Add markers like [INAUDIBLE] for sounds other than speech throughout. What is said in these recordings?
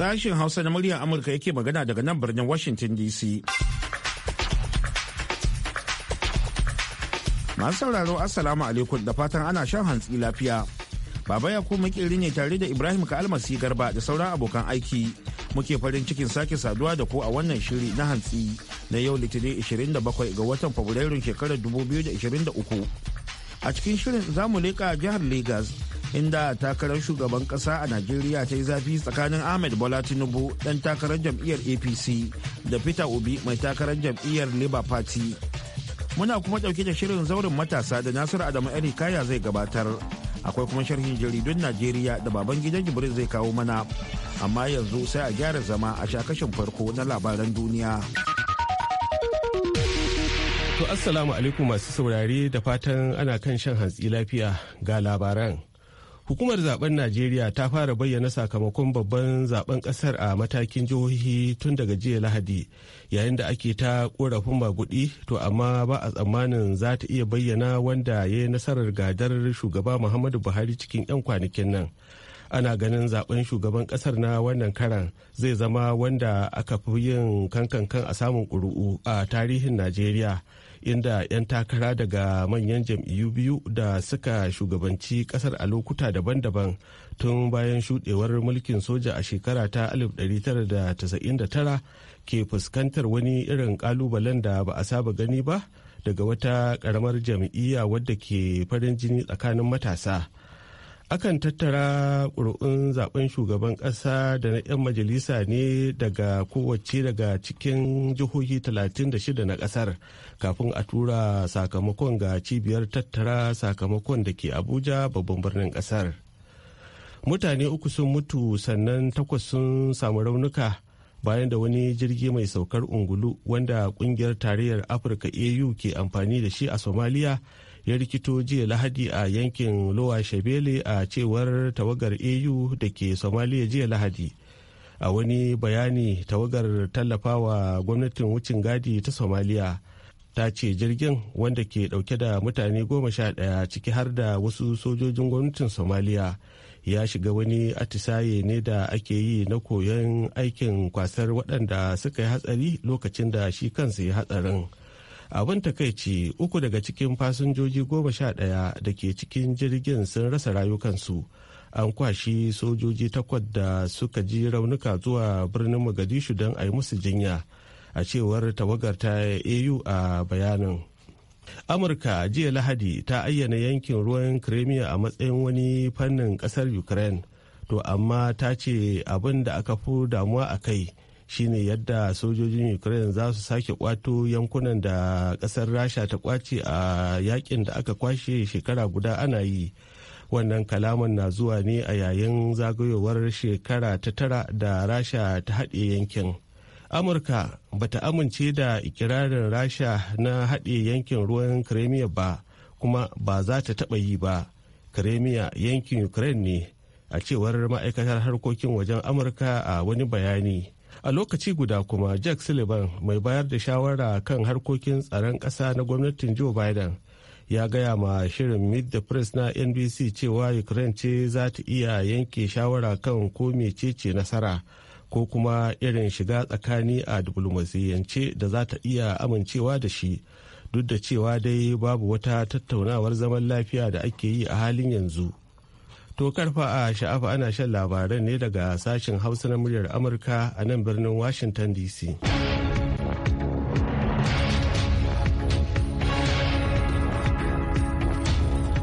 Sashen Hausa na muryar Amurka yake magana daga nan birnin Washington DC. Masu sauraro Assalamu alaikum da fatan ana shan hantsi lafiya. Baba ya kuma makeri ne tare da Ibrahim ka'almasi Garba da sauran abokan aiki. Muke farin cikin sake saduwa da ku a wannan shiri na hantsi na yau Litinin 27 ga watan Fabrairun shekarar 2023. A cikin shirin zamu leƙa jihar Legas inda takarar shugaban kasa a najeriya ta yi zafi tsakanin ahmed bola tinubu dan takarar jam'iyyar apc da peter obi mai takarar jam'iyyar labour party muna kuma dauke da shirin zaurin matasa da nasiru adamu kaya zai gabatar akwai kuma sharhin jaridun najeriya da baban gidan jibril zai kawo mana amma yanzu sai a gyara zama a shakashin farko na labaran duniya to assalamu alaikum masu saurare da fatan ana kan shan hantsi lafiya ga labaran Hukumar zaben Najeriya ta fara bayyana sakamakon babban zaben kasar a matakin jihohi tun daga jiya Lahadi yayin da ake ta korafin magudi to amma ba a tsammanin za ta iya bayyana wanda ya yi nasarar gadar shugaba Muhammadu Buhari cikin 'yan kwanakin nan. Ana ganin zaben shugaban kasar na wannan karan zai zama wanda aka fi yin kankan a samun ƙuri'u a tarihin Najeriya. inda 'yan takara daga manyan jam'iyyu biyu da suka shugabanci kasar a lokuta daban-daban tun bayan shudewar mulkin soja a shekara ta 1999 ke fuskantar wani irin kalubalen da ba a saba gani ba daga wata karamar jam'iyya wadda ke farin jini tsakanin matasa. akan tattara ƙuri'un zaben shugaban ƙasa da na 'yan majalisa ne daga kowace daga cikin jihohi 36 na ƙasar kafin a tura sakamakon ga cibiyar tattara sakamakon da ke abuja babban birnin ƙasar mutane uku sun mutu sannan takwas sun samu raunuka bayan da wani jirgi mai saukar ungulu wanda kungiyar tarayyar afirka au ke amfani da shi a somaliya ya rikito jiya lahadi a yankin lowa shebele a cewar tawagar au da ke somalia jiya lahadi a wani bayani tawagar tallafawa gwamnatin wucin gadi ta somaliya ta ce jirgin wanda ke dauke da mutane goma sha daya ciki har da wasu sojojin gwamnatin somaliya ya shiga wani atisaye ne da ake yi na koyon aikin kwasar waɗanda suka yi hatsari lokacin da shi kansa ya hatsarin. abin takaici uku daga cikin fasinjoji goma sha ɗaya da ke cikin jirgin sun rasa rayukansu an kwashi sojoji takwas da suka ji raunuka zuwa birnin mogadishu don a yi musu jinya a cewar tawagar ta au a bayanin amurka jiya lahadi ta ayyana yankin ruwan crimea a matsayin wani fannin kasar ukraine to amma ta ce abin da aka fi damuwa a kai shine yadda sojojin ukraine za su sake kwato yankunan da kasar rasha ta kwace a yakin da aka kwashe shekara guda ana yi wannan kalaman na zuwa ne a yayin zagayowar shekara ta tara da rasha ta haɗe yankin amurka bata amince da ikirarin rasha na haɗe yankin ruwan kremiya ba kuma ba za ta taɓa yi ba kremiya yankin ukraine ne a cewar ma'aikatar harkokin wajen amurka a wani bayani a lokaci guda kuma jack sullivan mai bayar da shawara kan harkokin tsaron ƙasa na gwamnatin joe biden ya gaya ma shirin meet the press na nbc cewa ukraine ce za ta iya yanke shawara kan ko ce nasara ko kuma irin shiga tsakani a diplomasiyance da za ta iya amincewa da shi duk da cewa dai babu wata tattaunawar zaman lafiya da ake yi a halin yanzu To karfa a sha'afa ana shan labaran ne daga sashen Hausa na muryar Amurka a nan birnin Washington DC.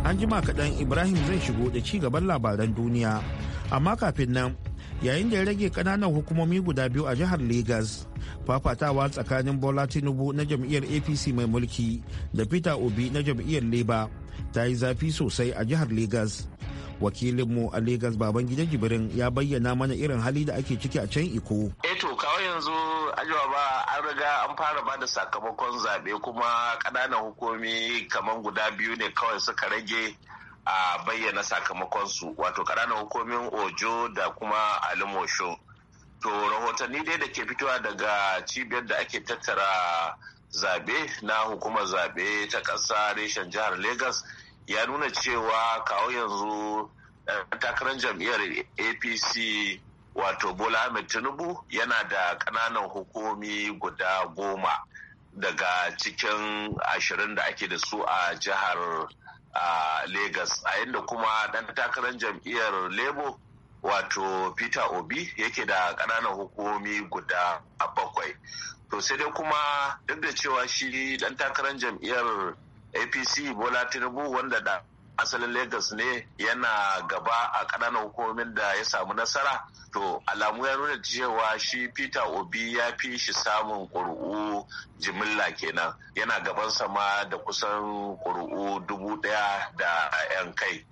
An jima kaɗan Ibrahim zai shigo da ci gaban labaran duniya. Amma kafin nan, yayin da ya rage ƙananan hukumomi guda biyu a jihar Legas, fafatawa tsakanin Bola Tinubu na jam'iyyar APC mai mulki da Peter Obi na jam'iyyar Leba ta yi zafi sosai a jihar Legas. wakilinmu a Legas Babangida Jibrin ya bayyana mana irin hali da ake ciki a can Iko. eh to kawai yanzu ajiwa ba an riga an fara ba da sakamakon zaɓe kuma ƙananan hukumi kamar guda biyu ne kawai suka rage a bayyana sakamakon su wato ƙananan hukumin Ojo da kuma Alimosho. To rahotanni dai da ke fitowa daga cibiyar da ake tattara zaɓe na hukumar zaɓe ta ƙasa reshen jihar Legas ya nuna cewa kawo yanzu eh, takarar jam'iyyar apc wato bola ahmed tinubu yana da ƙananan hukumi guda goma daga cikin ashirin da ake da su a jihar lagos a inda kuma ɗan takarar jam'iyyar labour wato peter obi yake da ƙananan hukumi guda bakwai to sai dai kuma duk da cewa shi ɗan takarar jam'iyyar apc bola tinubu wanda da asalin lagos ne yana gaba a kananan hukumomin da ya samu nasara to alamu ya nuna cewa shi peter obi ya fi shi samun ƙuri'u jimilla kenan yana gaban sama da kusan ƙuri'u dubu ɗaya da 'yan kai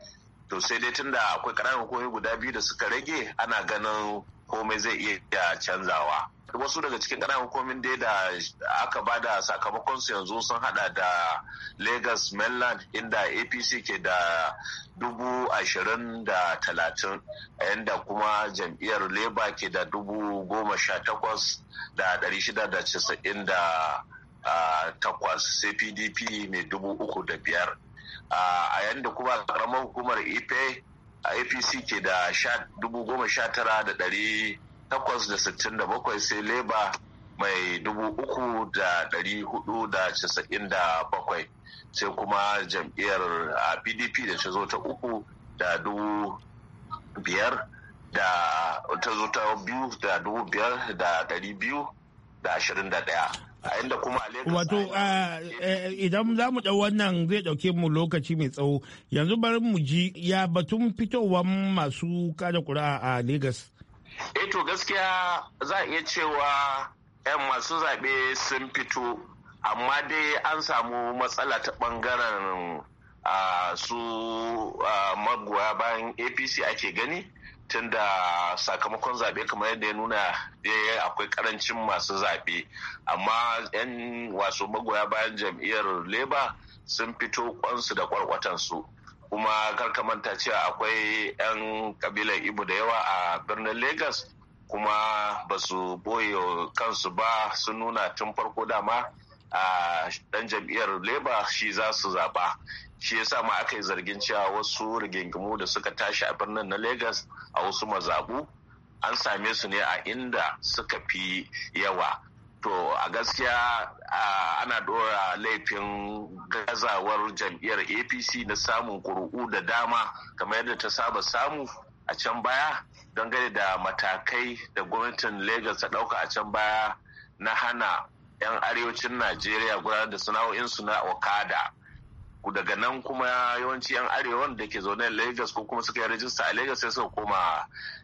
to sai dai tunda akwai kananan hukumomi guda biyu da suka rage ana ganin komai zai iya canzawa wasu daga cikin ƙananan hukumomin da da aka ba da sakamakon su yanzu sun hada da lagos mainland inda apc ke da dubu ashirin da talatin inda kuma jam'iyyar labour ke da dubu goma sha takwas da ɗari shida da casa'in da takwas cpdp pdp mai dubu uku da biyar a yadda kuma karamar hukumar ipe apc ke da dubu goma sha tara da ɗari takwas da sittin da bakwai sai leba mai dubu uku da dari hudu da casa'in da bakwai sai kuma jam'iyyar pdp da ta zo ta uku da dubu biyar da ta zo ta biyu da dubu biyar da dari biyu da ashirin da daya a inda kuma wato eh, eh, idan za mu ɗau wannan zai ɗauke mu lokaci mai tsawo yanzu bari mu ji ya batun fitowar masu kada kura a Legas. Eto eh, gaskiya za a iya cewa 'yan masu zaɓe sun fito amma dai an samu matsala ta ɓangaren su magoya bayan apc ake gani tunda sakamakon zaɓe kamar yadda ya nuna akwai karancin masu zaɓe amma 'yan wasu magoya bayan jam'iyyar labour sun fito kwansu da kwarkwatansu kuma kar ka manta cewa akwai 'yan kabilar ibu da yawa a birnin lagos kuma ba su boye kansu ba su nuna tun farko dama a dan jam'iyyar leba shi za su zaba shi yasa ma aka yi zargin cewa wasu rigingimu da suka tashi a birnin na lagos a wasu mazabu an same su ne a inda suka fi yawa to a gaskiya ana dora laifin gazawar jam'iyyar apc na samun ƙuri'u da dama kamar yadda ta saba samu a can baya don gani da matakai da gwamnatin Legas ta ɗauka a can baya na hana 'yan arewacin najeriya gudanar da sana'o'insu na okada daga nan kuma yawanci yan arewa da ke zaune lagos ko kuma suka yi rajista a lagos sai suka koma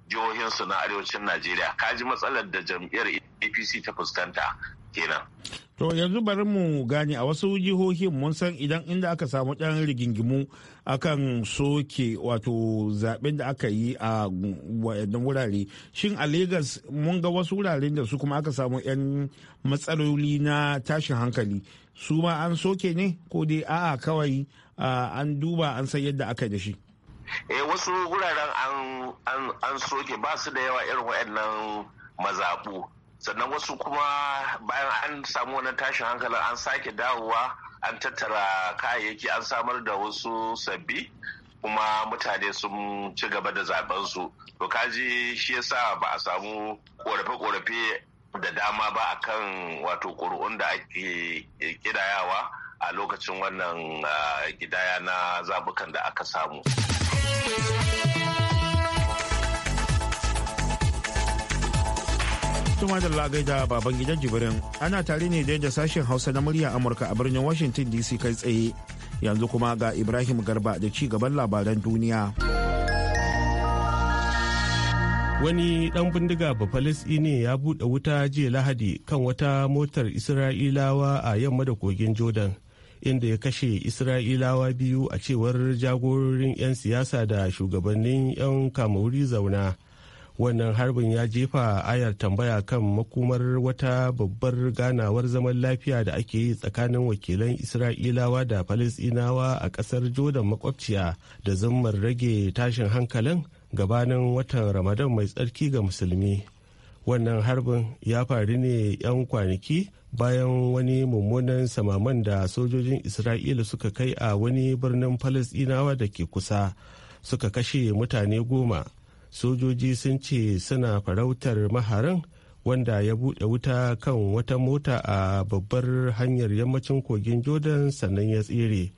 jihohinsu na arewacin najeriya kaji matsalar da jam'iyyar apc ta fuskanta kenan to yanzu bari mu gane a wasu jihohin mun san idan inda aka samu ɗan rigingimu akan soke wato zaben da aka yi a waɗannan wurare shin a Legas mun ga wasu wuraren da su kuma aka samu 'yan matsaloli na tashin hankali su ma an soke ne ko dai a'a kawai an duba an san yadda aka da shi eh wasu wuraren an soke ba su da yawa irin waɗannan mazaɓu sannan wasu kuma bayan an samu wannan tashin hankalin an sake dawowa an tattara kayayyaki an samar da wasu sabbi kuma mutane sun ci gaba da zaben su to kaji shi yasa ba a samu korafe-korafe da dama ba a kan wato ƙuri'un da ake kidayawa a lokacin wannan ah, gidaya na zabukan da aka samu. Tuma da lagai da baban gidan jibirin ana tare ne da sashen Hausa na murya Amurka a birnin Washington DC kai tsaye. Yanzu kuma ga Ibrahim Garba da ci gaban labaran duniya. Wani ɗan bindiga ne ya buɗe wuta jiya Lahadi kan wata motar Isra'ilawa a yamma da kogin Jordan. inda ya kashe isra'ilawa biyu a cewar jagororin 'yan siyasa da shugabannin 'yan kamauri zauna wannan harbin ya jefa ayar tambaya kan makumar wata babbar ganawar zaman lafiya da ake yi tsakanin wakilan isra'ilawa da falisdinawa a kasar jordan makwabciya da zammar rage tashin hankalin gabanin watan ramadan mai tsarki ga musulmi wannan harbin ya faru ne 'yan kwanaki bayan wani mummunan samaman da sojojin isra'ila suka kai a wani birnin falisdinawa da ke kusa suka kashe mutane goma sojoji sun ce suna farautar maharin wanda ya buɗe wuta kan wata mota a babbar hanyar yammacin kogin jordan sannan ya tsere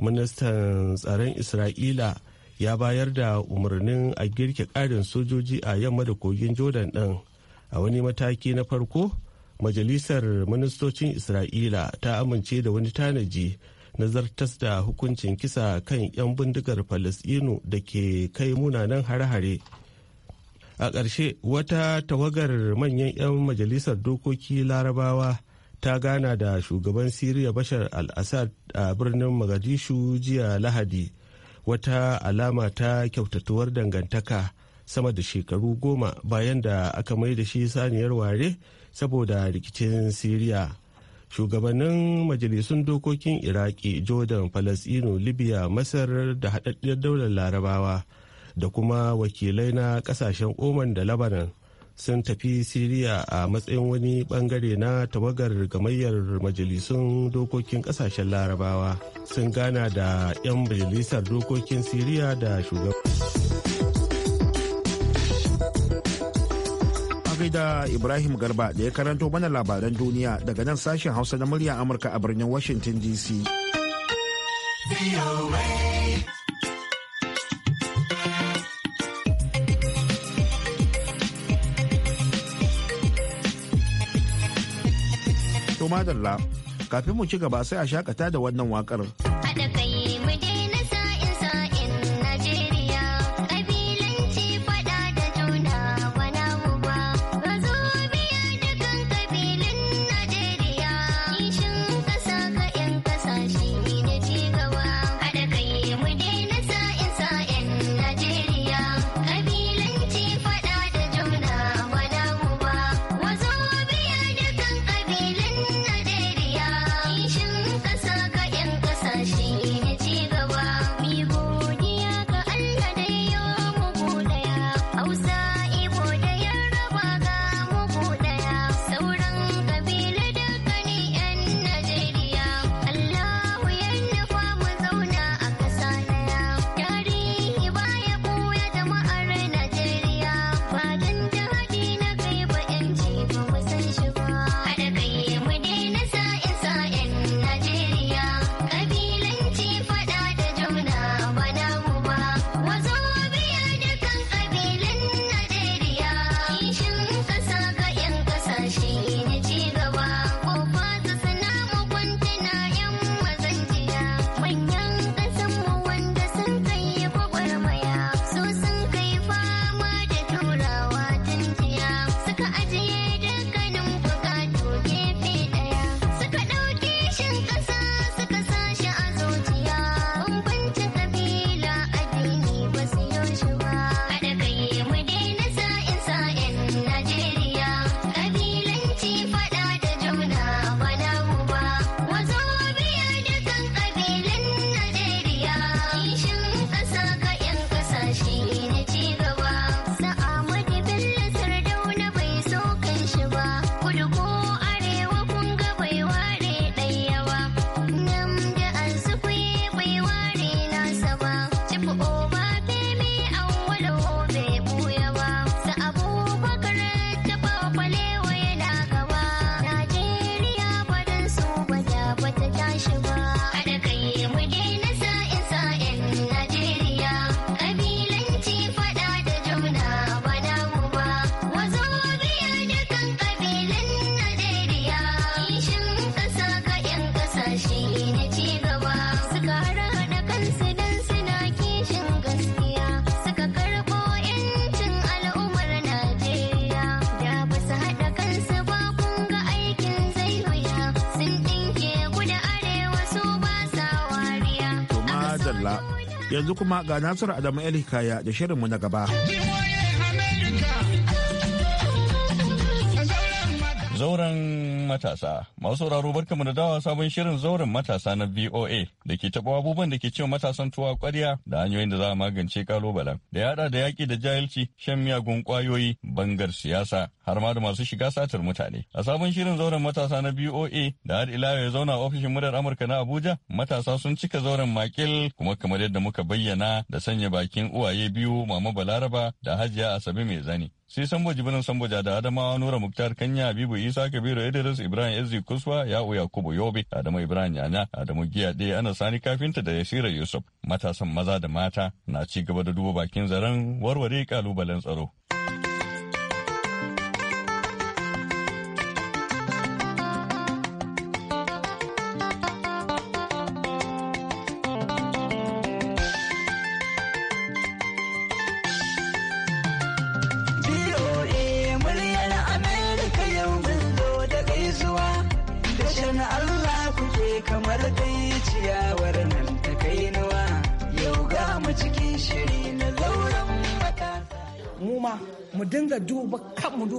ministan tsaron isra'ila ya bayar da umarnin a girke ƙarin sojoji a yamma da kogin jordan ɗin a wani mataki na farko majalisar ministocin isra'ila ta amince da wani tanaji na zartas da hukuncin kisa kan 'yan bindigar falasɗinu da ke kai munanan hare-hare a ƙarshe wata tawagar manyan 'yan majalisar dokoki larabawa ta gana da shugaban siriya bashar al-assad a birnin magadishu jiya lahadi wata alama ta kyautatuwar dangantaka sama da shekaru goma bayan da aka mai da shi saniyar ware saboda rikicin siriya shugabannin majalisun dokokin iraki jordan falasino libya masar da haɗaɗɗiyar daular larabawa da kuma wakilai na ƙasashen oman da labanan sun tafi siriya a matsayin wani bangare na tawagar gamayyar majalisun dokokin ƙasashen larabawa sun gana da 'yan majalisar dokokin siriya da shugaban da Ibrahim Garba da ya karanto mana labaran duniya daga nan sashen Hausa na murya Amurka a birnin Washington DC. To kafin mu ci gaba sai a shakata da wannan wakar. Hada kai yanzu kuma ga Nasiru Adamu Elikaya Hikaya da shirinmu na gaba. Zauren matasa. Masu sauraro barkamu da dawa sabon shirin zauren matasa na VOA da ke taɓa abubuwan da ke cewa matasan tuwa ƙwarya da hanyoyin da za a magance kalobalen. Da ya haɗa da yaƙi da jahilci, shan miyagun ƙwayoyi, bangar siyasa, har ma da masu shiga satar mutane. A sabon shirin zauren matasa na VOA da har ila ya zauna ofishin murar Amurka na Abuja, matasa sun cika zauren makil kuma kamar yadda muka bayyana da sanya bakin uwaye biyu Mama Balaraba da Hajiya Asabe mai zani. sai sambo jibinan sambo da adamawa nura muktar kanya habibu isa kabiru idris ibrahim ezi kuswa ya'u yakubu yobe adamu ibrahim yana adamu giya ɗaya ana sani kafinta da yasira yusuf matasan maza da mata na ci gaba da duba bakin zaren warware kalubalen tsaro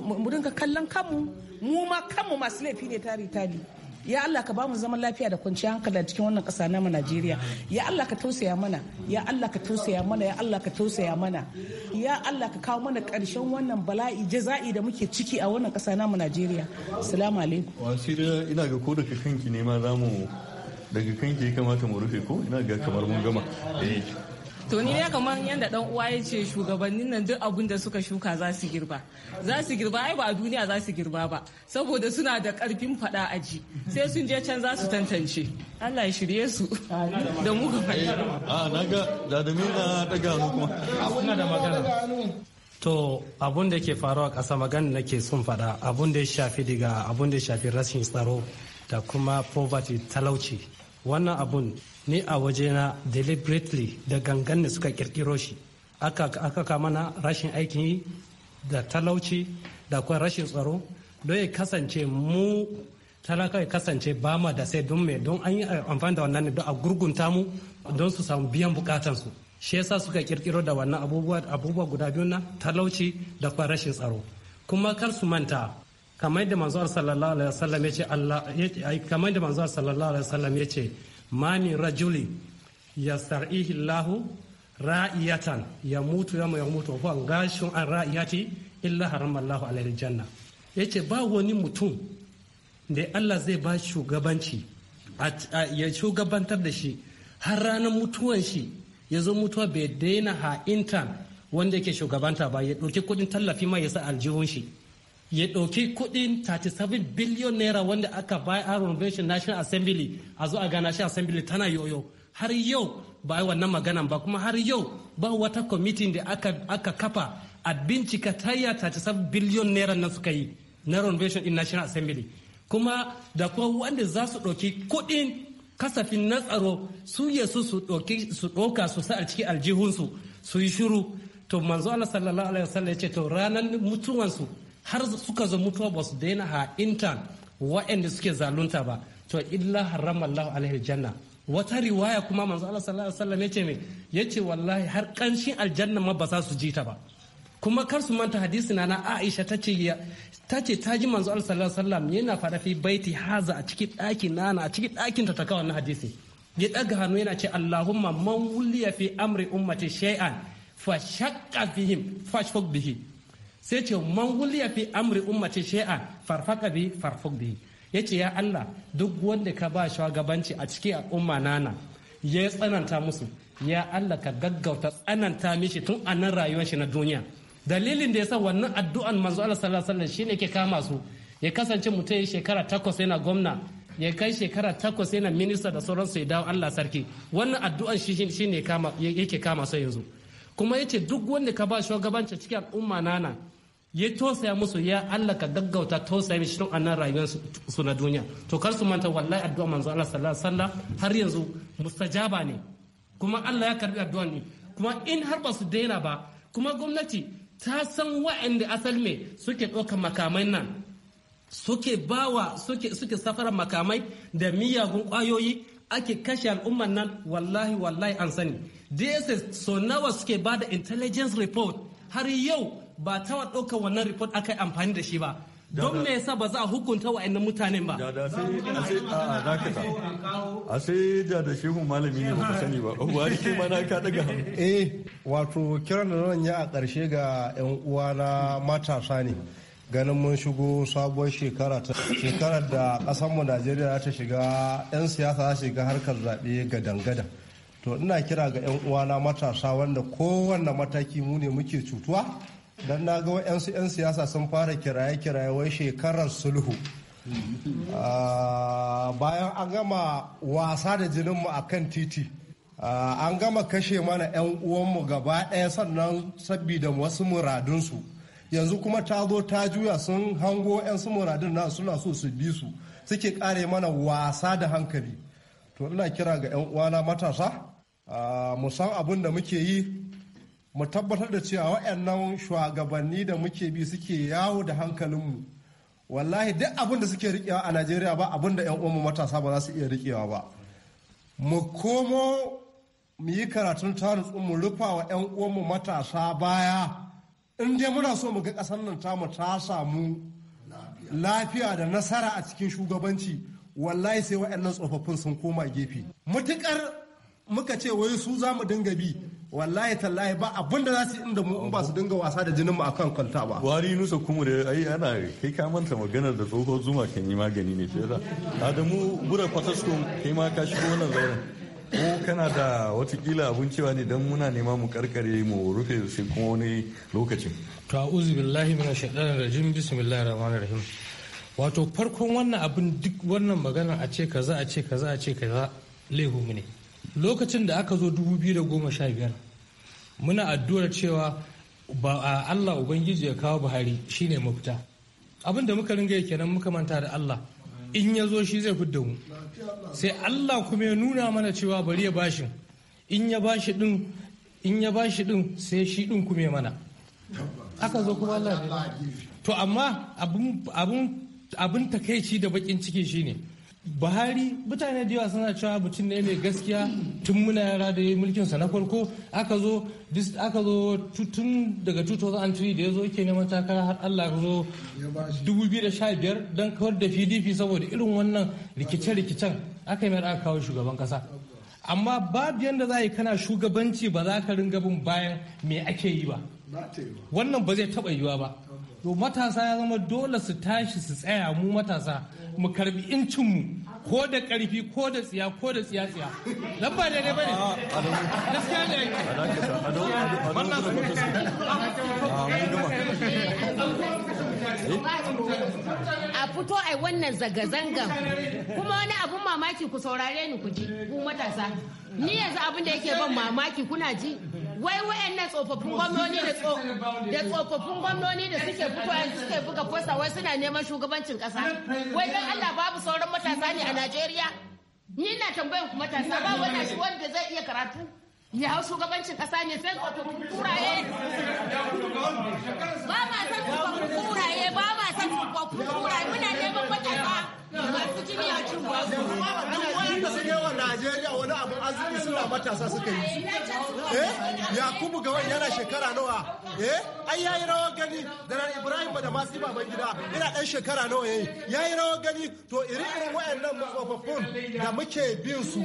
mu dinga kallon kanmu mu ma kanmu masu laifi ne tari tari ya Allah ka bamu zaman lafiya da kwanciyar hankali a cikin wannan ƙasa namu Najeriya ya Allah ka tausaya mana ya Allah ka tausaya mana ya Allah ka tausaya mana ya Allah ka kawo mana ƙarshen wannan bala'i jaza'i da muke ciki a wannan ƙasa namu Najeriya assalamu alaikum wasira ina ga ko daga kanki ne ma zamu daga kanki kamata mu rufe ko ina ga kamar mun gama eh to ni ne kamar yadda dan uwa ya ce shugabannin nan duk abin da suka shuka za su girba za su girba ai ba a duniya za su girba ba saboda suna da karfin fada a ji sai sun je can za su tantance Allah ya shirye su da mu ah, ga a naga da da mina ga mu kuma da magana to abun da ke faruwa ƙasa magana nake sun faɗa abun da ya shafi daga abun da ya shafi rashin tsaro da kuma poverty talauci wannan abun ne a wajena deliberately da gangan ne suka kirkiro shi aka kama mana rashin aikin yi da talauci da kuma rashin tsaro don ya kasance mu talaka ya kasance ba ma da sai don mai don an yi amfani da wannan ne don a gurgunta mu don su samu biyan bukatansu shi yasa suka kirkiro da wannan abubuwa guda biyu na talauci da kuma rashin tsaro kuma kar su manta kamar yadda manzo sallallahu alaihi wasallam yace Allah kamar yadda manzo sallallahu alaihi wasallam yace ma min rajuli yastar'ihi Allah ra'iyatan yamutu ya yamutu wa huwa gashun an ra'iyati illa haramma Allah alaihi janna yace ba wani mutum da Allah zai ba shugabanci ya shugabantar da shi har ranar mutuwan shi ya zo mutuwa bai daina intan wanda yake shugabanta ba ya ɗauki kuɗin tallafi ma ya sa aljihun shi ya ɗauki kuɗin 37 biliyon naira wanda aka bai a renovation national assembly a zo a ga national assembly tana yoyo har yau ba wannan maganan ba kuma har yau ba wata kwamitin da aka, aka kafa a bincika ta tayya 37 biliyon naira na suka yi na renovation in national assembly kuma da kuma wanda za su ɗauki kuɗin kasafin na tsaro su yesu su ɗauka su sa a cikin aljihunsu su yi shiru to manzo Allah sallallahu alaihi wasallam ya ce to ranar mutuwansu har suka zo mutuwa ba su daina ha'intan waɗanda suke zalunta ba to illa haramma Allahu alaihi janna wata riwaya kuma manzo Allah sallallahu alaihi wasallam yace me yace wallahi har kanshin aljanna ma ba za su ji ta ba kuma kar su manta hadisi na na Aisha tace tace ta ji manzo Allah sallallahu alaihi wasallam yana fada fi baiti haza a cikin ɗakin nana a cikin ɗakin ta ta kawo wannan hadisi ya daga hannu yana ce Allahumma man wuliya fi amri ummati shay'an fa shaqqa fihim fashfaq bihi sai ce man wuliya fi amri ummati shay'a farfaka bi farfuk bi ce ya Allah duk wanda ka ba shugabanci a cikin al'umma nana ya tsananta musu ya Allah ka gaggauta tsananta mishi tun a nan rayuwar shi na duniya dalilin da ya sa wannan addu'an manzo Allah sallallahu alaihi wasallam shine ke kama su ya kasance mutum ya shekara takwas yana gwamna ya kai shekara takwas yana minista da sauransu ya dawo Allah sarki wannan addu'an shi shine kama yake kama su yanzu kuma yace duk wanda ka ba shugabanci cikin al'umma nana ya tosaya musu ya Allah ka gaggauta tosaya mishi tun annan rayuwar su na duniya to kar su manta wallahi addu'a manzo Allah sallallahu alaihi wasallam har yanzu mustajaba ne kuma Allah ya karbi addu'a ne kuma in har ba su daina ba kuma gwamnati ta san wa'anda asal me suke ɗaukar makamai nan suke bawa suke suke safara makamai da miyagun ƙwayoyi ake kashe al'umman nan wallahi wallahi an sani dss so nawa suke bada intelligence report har yau ba ta ɗaukar wannan report aka yi amfani da shi ba don me yasa ba za a hukunta ɗan mutanen ba a sai da da shehu malami ne ba sani ba ba shi ma na ka daga eh wato kiran da nan ya a karshe ga yan uwa na matasa ne ganin mun shigo sabuwar shekara ta shekarar da ƙasarmu Najeriya ta shiga yan siyasa za shiga harkar zaɓe gadan-gadan to ina kira ga yan uwana matasa wanda kowanne mataki mu ne muke cutuwa don na ga wa'yansu 'yan siyasa sun fara kiraye-kiraye wai shekarar sulhu ah, bayan an gama wasa da jininmu a kan titi ah, an gama kashe mana 'yan uwanmu gaba ɗaya sannan da wasu muradunsu yanzu kuma ta zo ta juya sun hango 'yan su muradun na suna so su bi su suke kare mana wasa da hankali to ina kira ga 'yan uwana matasa ah, musan san abin da muke yi mu tabbatar da cewa waɗannan shugabanni da muke bi suke yawo da hankalinmu wallahi duk abin da suke riƙewa a najeriya ba abin da 'yan uwanmu matasa ba za su iya riƙewa ba mu komo mu yi karatun tarihi mu rufa wa 'yan uwanmu matasa baya in dai muna so mu ga ƙasar nan tamu ta samu lafiya da nasara a cikin shugabanci wallahi sai waɗannan tsofaffin sun koma gefe mutukar muka ce wai su za mu dinga bi wallahi tallahi ba abin da za su inda mu in ba su dinga wasa da jinin mu akan kwalta ba wari nusa kuma da ai ana kai ka manta maganar da tsohon zuma kan yi magani ne shi yasa adamu gura kwataskun kai ma ka shigo wannan zauren ko kana da watakila abun cewa ne don muna nema mu karkare mu rufe su kuma wani lokacin to a'udhu billahi minash shaitanir rajim bismillahir rahmanir rahim wato farkon wannan abin duk wannan magana a ce kaza a ce kaza a ce kaza laihu ne lokacin da aka zo 2015 muna addu'ar cewa ba Allah ubangiji ya kawo Buhari shine mafita abin da muka ringa kenan muka manta da Allah in ya zo shi zai fidda mu sai Allah kuma ya nuna mana cewa bari ya bashi in ya bashi din in ya bashi din sai shi din kuma ya mana aka zo kuma Allah to amma abun abun abin takeici da bakin ciki shine buhari mutane da yawa suna cewa mutum ne mai gaskiya tun muna yara da mulkin sa na farko aka zo aka zo tun daga 2003 da ya zo ke neman takara har allah zo 2015 don kawar da pdp saboda irin wannan rikice-rikicen aka yi mai aka kawo shugaban kasa amma babu yadda za a yi kana shugabanci ba za ka ringa bin bayan me ake yi ba wannan ba zai taba yiwa ba to matasa ya zama dole su tashi su tsaya mu matasa mu karbi incinmu ko da karfi ko da tsiya ko da tsiya tsiya nan ba daidai bane ah, ah, ah, gaskiya ne wannan [LAUGHS] a fito a wannan zanga zanga kuma wani abun mamaki ku saurare ni ku ji ku matasa ni yanzu abin da yake ban mamaki kuna ji wai wayannan tsofaffin gwamnoni da tsofaffin gwamnoni da suke fitowa suke buga posta wai suna neman shugabancin kasa wai dan Allah babu sauran matasa ne a Najeriya ni na tambayar ku matasa ba wanda zai iya karatu ya hau shugabancin kasa ne sai tsofaffin kuraye ba ma san tsofaffin kuraye ba ma san kuraye muna neman Najeriya wani abin arziki suna matasa suka yi. Eh? Yakubu ga wani yana shekara nawa. Eh? Ai yayi rawar gani da ran Ibrahim ba da masu baban gida ina dan shekara nawa yayi. Yayi rawar gani to iri-irin wayannan tsofaffin da muke bin su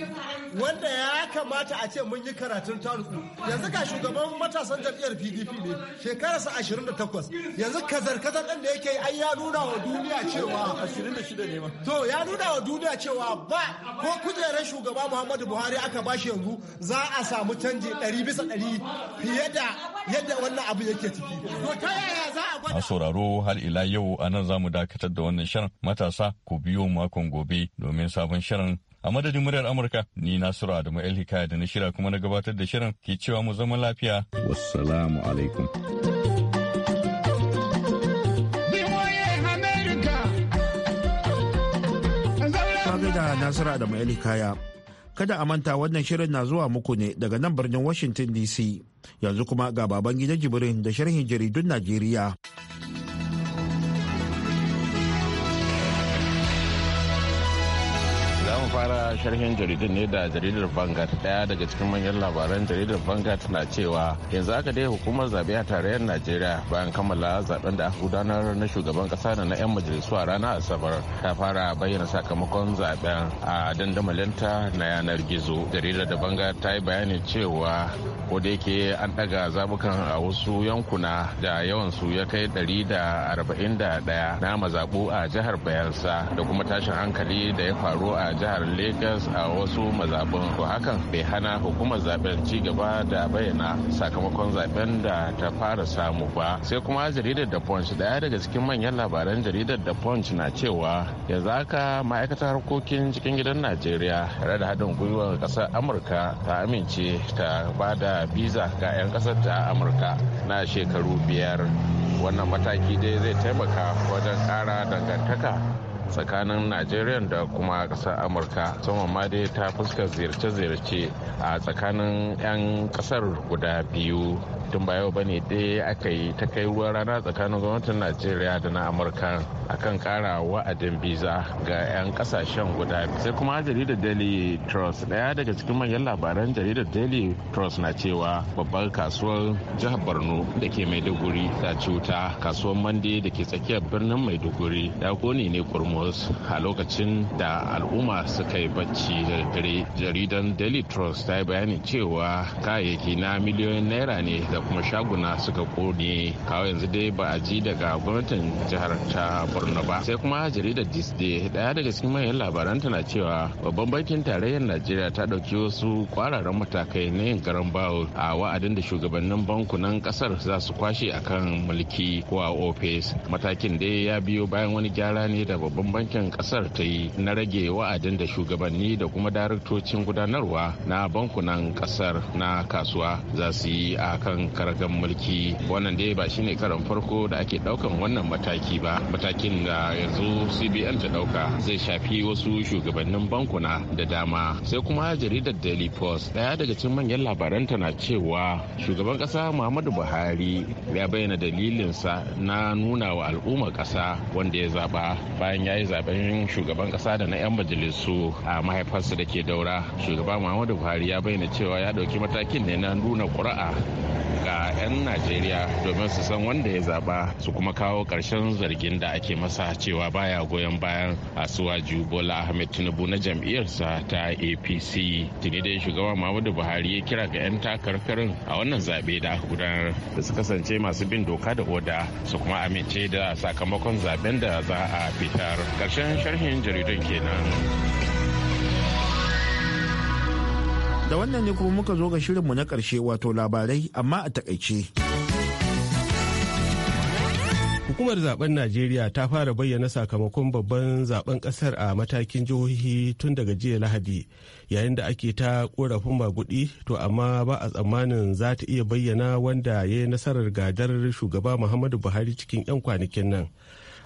wanda ya kamata a ce mun yi karatun taruku. Yanzu ga shugaban matasan jam'iyyar PDP ne shekararsa 28. Yanzu kazar-kazar ɗin da yake ai ya nuna wa duniya cewa 26 ne ma. To ya nuna wa duniya cewa ba ko kujerar shugaba muhammadu buhari aka bashi yanzu za a samu canji ɗari bisa ɗari fiye da yadda wannan abu yake ciki to a sauraro har ila yau a nan za mu dakatar da wannan shirin matasa ku biyo makon gobe domin sabon shirin a madadin muryar amurka ni nasiru adamu el hikaya da na shira kuma na gabatar da shirin ke cewa mu zama lafiya wassalamu alaikum da Nasiru Adamu Eli Kaya. Kada a manta wannan shirin na zuwa muku ne daga nan birnin Washington DC. Yanzu kuma ga baban gidan Jibrin da sharhin jaridun Najeriya. fara sharhin jaridun ne da jaridar vangard Daya daga cikin manyan labaran jaridar vangard na cewa yanzu aka dai hukumar zabe a tarayyar Najeriya bayan kammala zaben da aka gudanar na shugaban kasa da na 'yan majalisu a ranar Asabar ta fara bayyana sakamakon zaben a dandamalinta na yanar gizo. Jaridar da vangard ta yi bayani cewa ko da yake an daga zabukan a wasu yankuna da yawan su ya kai da 141 na mazabu a jihar Bayelsa da kuma tashin hankali da ya faru a jihar jihar Legas a wasu mazaɓin. ko hakan bai hana hukumar zaben ci gaba da bayyana sakamakon zaben da ta fara samu ba. Sai kuma jaridar da Punch daya daga cikin manyan labaran jaridar da Punch na cewa ya zaka ma'aikatar harkokin cikin gidan Najeriya tare da haɗin gwiwar ƙasar Amurka ta amince ta ba da biza ga 'yan ƙasar ta Amurka na shekaru biyar. Wannan mataki dai zai taimaka wajen ƙara dangantaka tsakanin najeriya da kuma ƙasar amurka sama ma dai ta fuska ziyarce-ziyarce a tsakanin 'yan ƙasar guda biyu tun ba yau bane dai aka yi ta kai ruwan rana tsakanin gwamnatin najeriya da na amurka akan kara wa'adin biza ga 'yan kasashen guda biyu. sai kuma jaridar daily trust daya daga cikin manyan labaran jaridar daily trust na cewa babbar kasuwar jihar borno da ke maiduguri ta cuta kasuwar mande da ke tsakiyar birnin maiduguri ya kone ne kurmo jamus a lokacin da al'umma suka yi bacci da dare jaridan daily trust ta yi bayanin cewa kayayyaki na miliyoyin naira ne da kuma shaguna suka kone kawo yanzu dai ba a ji daga gwamnatin jihar ta borno ba sai kuma jaridar disney daya daga cikin manyan labaran tana cewa babban bankin tarayyar najeriya ta ɗauki wasu kwararan matakai na yin garan bawo a wa'adin da shugabannin bankunan kasar za su kwashe akan mulki ko a ofis matakin dai ya biyo bayan wani gyara ne da babban zaben bankin kasar ta yi na rage wa'adin da shugabanni da kuma daraktocin gudanarwa na bankunan kasar na kasuwa za su yi a kan karagan mulki wannan dai ba shine karan farko da ake daukan wannan mataki ba matakin da yanzu cbn ta dauka zai shafi wasu shugabannin bankuna da dama sai kuma jaridar daily post daya daga cikin manyan labaranta na cewa shugaban kasa muhammadu buhari ya bayyana dalilinsa na nuna wa al'ummar kasa wanda ya zaba bayan ya yi zaben shugaban kasa da na 'yan majalisu a mahaifarsa da ke daura shugaba muhammadu buhari ya bayyana cewa ya ɗauki matakin ne na nuna ƙuri'a ga 'yan najeriya domin su san wanda ya zaba su kuma kawo karshen zargin da ake masa cewa baya goyon bayan asuwaju bola ahmed tinubu na jam'iyyarsa ta apc tuni dai shugaba muhammadu buhari ya kira ga 'yan takarkarin a wannan zabe da aka gudanar da su kasance masu bin doka da oda su kuma amince da sakamakon zaben da za a fitar ƙarshen sharhin jaridan kenan. Da wannan ne kuma muka zo ga shirinmu na karshe wato labarai amma a takaice. Hukumar zaben Najeriya ta fara bayyana sakamakon babban zaben kasar a matakin jihohi tun daga jiya Lahadi yayin da ake ta korafin magudi to amma ba a tsammanin za ta iya bayyana wanda ya yi nasarar gadar shugaba Muhammadu Buhari cikin 'yan kwanakin nan.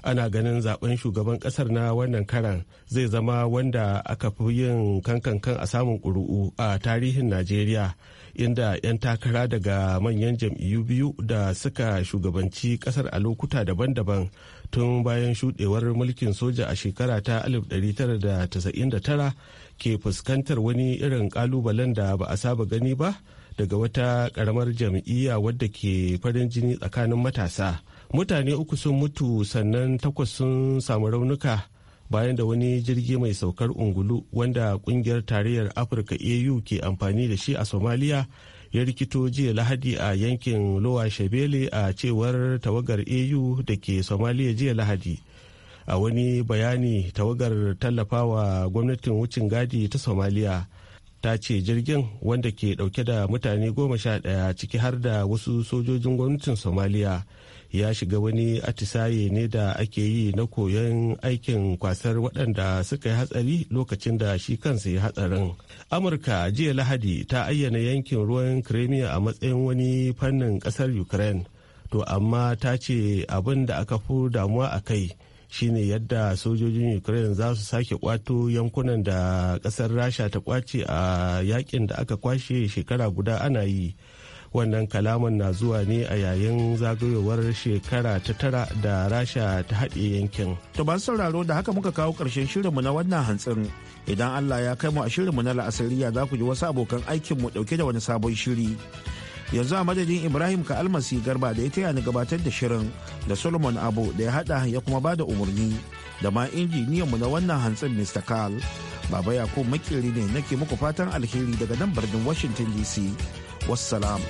ana ganin zaben shugaban kasar na wannan karan zai zama wanda aka fi yin kankankan a samun ƙuri'u a tarihin najeriya inda 'yan takara daga manyan jam'iyyu biyu da suka shugabanci kasar a lokuta daban-daban tun bayan shudewar mulkin soja a shekara ta 1999 ke fuskantar wani irin kalubalen da ba a saba gani ba daga wata karamar jam'iyya wadda ke farin jini tsakanin matasa mutane uku sun mutu sannan takwas sun samu raunuka bayan da wani jirgi mai saukar ungulu wanda kungiyar tarayyar afirka au ke amfani da shi a somaliya ya rikito jiya lahadi a yankin lowa shebele a cewar tawagar au da ke somaliya jiya lahadi a wani bayani tawagar tallafawa gwamnatin wucin gadi ta somaliya ta ce jirgin wanda ke dauke da mutane goma sha ɗaya ciki har da wasu sojojin gwamnatin somaliya ya shiga wani atisaye ne da ake yi na koyon aikin kwasar waɗanda suka yi hatsari lokacin da shi kansa ya hatsarin amurka jiya lahadi ta ayyana yankin ruwan crimea a matsayin wani fannin ƙasar ukraine to amma ta ce abin da aka fi damuwa a kai shine yadda sojojin ukraine za su sake kwato yankunan da kasar rasha ta kwace a yakin da aka kwashe shekara guda ana yi wannan kalaman na zuwa ne a yayin zagayowar shekara ta tara da rasha ta haɗe yankin to ba sauraro da haka muka kawo ƙarshen shirinmu na wannan hantsin idan allah ya kai mu a shirinmu na la'asariya za ku ji wasu abokan aikinmu ɗauke da wani sabon shiri yanzu a madadin ibrahim ka almasi garba da ya taya ni gabatar da shirin da solomon abu da ya hada ya kuma ba da umarni da ma injiniyanmu na wannan hantsin mr carl baba yakub makeri ne nake muku fatan alheri daga nan birnin washington dc wassalam